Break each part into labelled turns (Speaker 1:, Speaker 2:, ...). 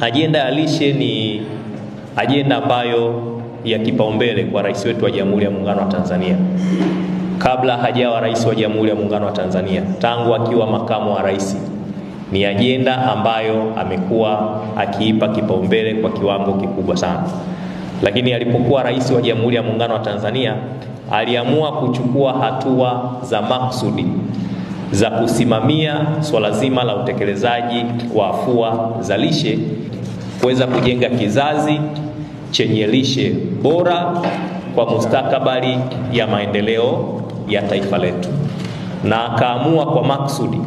Speaker 1: Ajenda ya lishe ni ajenda ambayo ya kipaumbele kwa rais wetu wa Jamhuri ya Muungano wa Tanzania kabla hajawa rais wa Jamhuri ya Muungano wa Tanzania, tangu akiwa makamu wa rais, ni ajenda ambayo amekuwa akiipa kipaumbele kwa kiwango kikubwa sana. Lakini alipokuwa rais wa Jamhuri ya Muungano wa Tanzania, aliamua kuchukua hatua za maksudi za kusimamia swala zima la utekelezaji wa afua za lishe kuweza kujenga kizazi chenye lishe bora kwa mustakabali ya maendeleo ya taifa letu, na akaamua kwa maksudi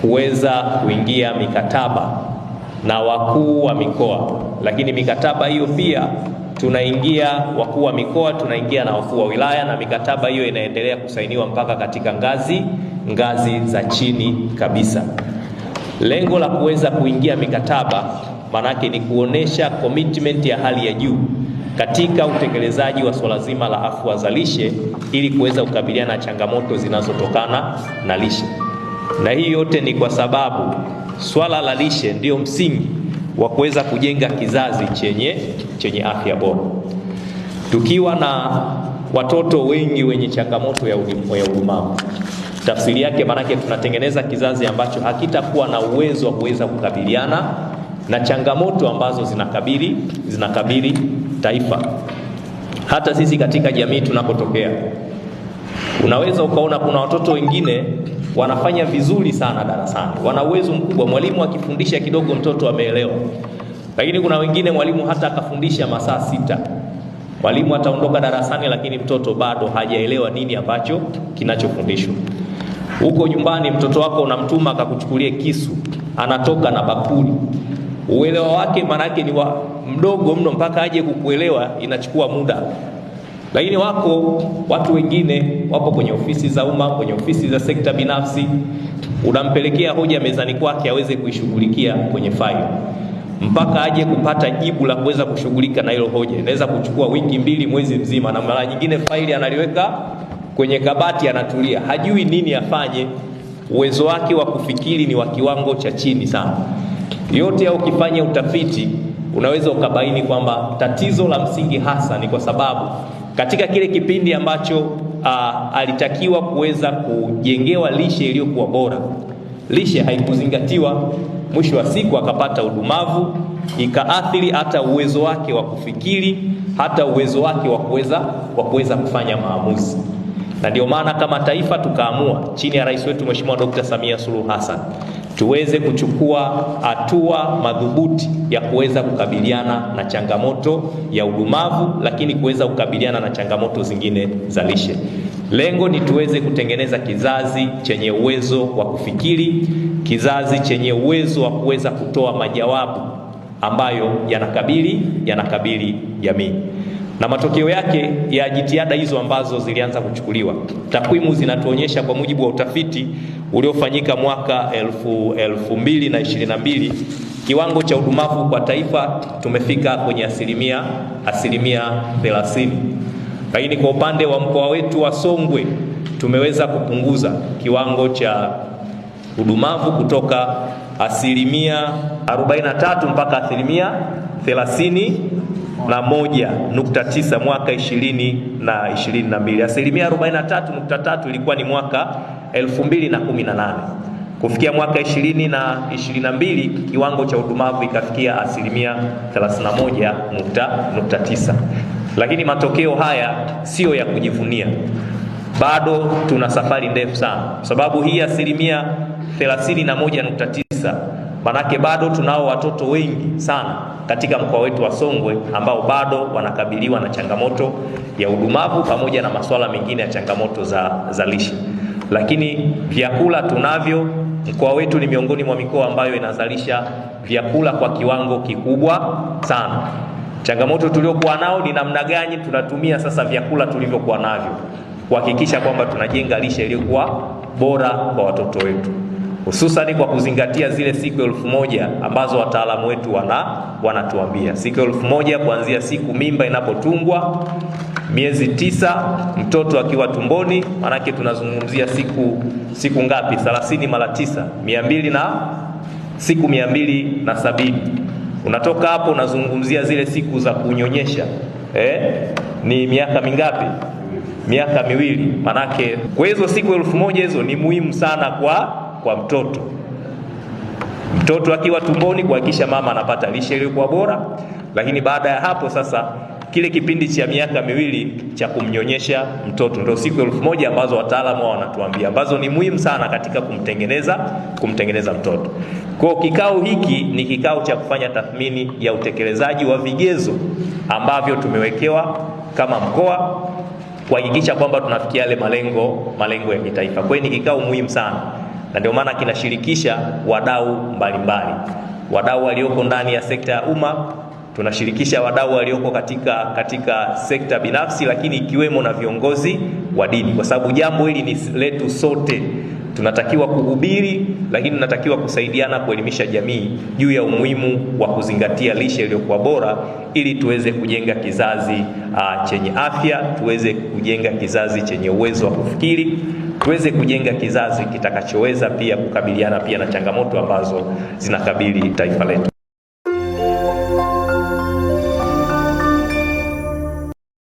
Speaker 1: kuweza kuingia mikataba na wakuu wa mikoa, lakini mikataba hiyo pia tunaingia wakuu wa mikoa, tunaingia na wakuu wa wilaya, na mikataba hiyo inaendelea kusainiwa mpaka katika ngazi ngazi za chini kabisa. Lengo la kuweza kuingia mikataba maanake ni kuonesha commitment ya hali ya juu katika utekelezaji wa swala zima la afua za lishe ili kuweza kukabiliana na changamoto zinazotokana na lishe. Na hii yote ni kwa sababu swala la lishe ndiyo msingi wa kuweza kujenga kizazi chenye, chenye afya bora. Tukiwa na watoto wengi wenye changamoto ya ulemavu Tafsiri yake maanake tunatengeneza kizazi ambacho hakitakuwa na uwezo wa kuweza kukabiliana na changamoto ambazo zinakabili zinakabili taifa. Hata sisi katika jamii tunapotokea, unaweza ukaona kuna watoto wengine wanafanya vizuri sana darasani, wana uwezo mkubwa, mwalimu akifundisha kidogo mtoto ameelewa, lakini kuna wengine mwalimu hata akafundisha masaa sita mwalimu ataondoka darasani, lakini mtoto bado hajaelewa nini ambacho kinachofundishwa. Huko nyumbani mtoto wako unamtuma akakuchukulie kisu, anatoka na bakuli. Uelewa wake maanake ni wa mdogo mno, mpaka aje kukuelewa inachukua muda. Lakini wako watu wengine wapo kwenye ofisi za umma, kwenye ofisi za sekta binafsi, unampelekea hoja mezani kwake aweze kuishughulikia kwenye faili mpaka aje kupata jibu la kuweza kushughulika na hilo hoja, inaweza kuchukua wiki mbili, mwezi mzima, na mara nyingine faili analiweka kwenye kabati anatulia, hajui nini afanye. Uwezo wake wa kufikiri ni wa kiwango cha chini sana. Yote au ukifanya utafiti unaweza ukabaini kwamba tatizo la msingi hasa ni kwa sababu katika kile kipindi ambacho uh, alitakiwa kuweza kujengewa lishe iliyokuwa bora, lishe haikuzingatiwa. Mwisho wa siku akapata udumavu, ikaathiri hata uwezo wake wa kufikiri, hata uwezo wake wa kuweza wa kuweza kufanya maamuzi na ndio maana kama taifa tukaamua chini ya rais wetu Mheshimiwa Dr. Samia Suluhu Hassan tuweze kuchukua hatua madhubuti ya kuweza kukabiliana na changamoto ya udumavu, lakini kuweza kukabiliana na changamoto zingine za lishe. Lengo ni tuweze kutengeneza kizazi chenye uwezo wa kufikiri, kizazi chenye uwezo wa kuweza kutoa majawabu ambayo yanakabili yanakabili jamii na matokeo yake ya jitihada hizo ambazo zilianza kuchukuliwa, takwimu zinatuonyesha kwa mujibu wa utafiti uliofanyika mwaka elfu, na kiwango cha udumavu kwa taifa tumefika kwenye asilimia asilimia 30, lakini kwa upande wa mkoa wetu wa Songwe tumeweza kupunguza kiwango cha udumavu kutoka asilimia 43 mpaka asilimia na moja nukta tisa mwaka ishirini na ishirini na mbili asilimia arobaini na tatu nukta tatu ilikuwa ni mwaka elfu mbili na kumi na nane kufikia mwaka ishirini na ishirini na mbili kiwango cha udumavu ikafikia asilimia 31.9. Lakini matokeo haya siyo ya kujivunia, bado tuna safari ndefu sana, sababu hii asilimia 31.9 manake bado tunao watoto wengi sana katika mkoa wetu wa Songwe ambao bado wanakabiliwa na changamoto ya udumavu pamoja na masuala mengine ya changamoto za, za lishe. Lakini vyakula tunavyo, mkoa wetu ni miongoni mwa mikoa ambayo inazalisha vyakula kwa kiwango kikubwa sana. Changamoto tuliokuwa nao ni namna gani tunatumia sasa vyakula tulivyokuwa navyo kuhakikisha kwamba tunajenga lishe iliyokuwa bora kwa watoto wetu hususani kwa kuzingatia zile siku elfu moja ambazo wataalamu wetu wana wanatuambia siku elfu moja kuanzia siku mimba inapotungwa, miezi tisa mtoto akiwa tumboni, manake tunazungumzia siku siku ngapi? 30 mara tisa mia mbili na siku mia mbili na sabini Unatoka hapo unazungumzia zile siku za kunyonyesha eh? ni miaka mingapi? miaka miwili. Manake kwa hizo siku elfu moja hizo ni muhimu sana kwa kwa mtoto. Mtoto akiwa tumboni, kuhakikisha mama anapata lishe iliyokuwa bora, lakini baada ya hapo sasa kile kipindi cha miaka miwili cha kumnyonyesha mtoto ndio siku elfu moja ambazo wataalamu wao wanatuambia ambazo ni muhimu sana katika kumtengeneza kumtengeneza mtoto. Kwa kikao hiki ni kikao cha kufanya tathmini ya utekelezaji wa vigezo ambavyo tumewekewa kama mkoa kuhakikisha kwamba tunafikia yale malengo malengo ya kitaifa. Kwa hiyo ni kikao muhimu sana na ndio maana kinashirikisha wadau mbalimbali, wadau walioko ndani ya sekta ya umma tunashirikisha wadau walioko katika, katika sekta binafsi, lakini ikiwemo na viongozi wa dini, kwa sababu jambo hili ni letu sote. Tunatakiwa kuhubiri, lakini tunatakiwa kusaidiana kuelimisha jamii juu ya umuhimu wa kuzingatia lishe iliyokuwa bora, ili tuweze kujenga kizazi uh, chenye afya, tuweze kujenga kizazi chenye uwezo wa kufikiri, tuweze kujenga kizazi kitakachoweza pia kukabiliana pia na changamoto ambazo zinakabili taifa letu.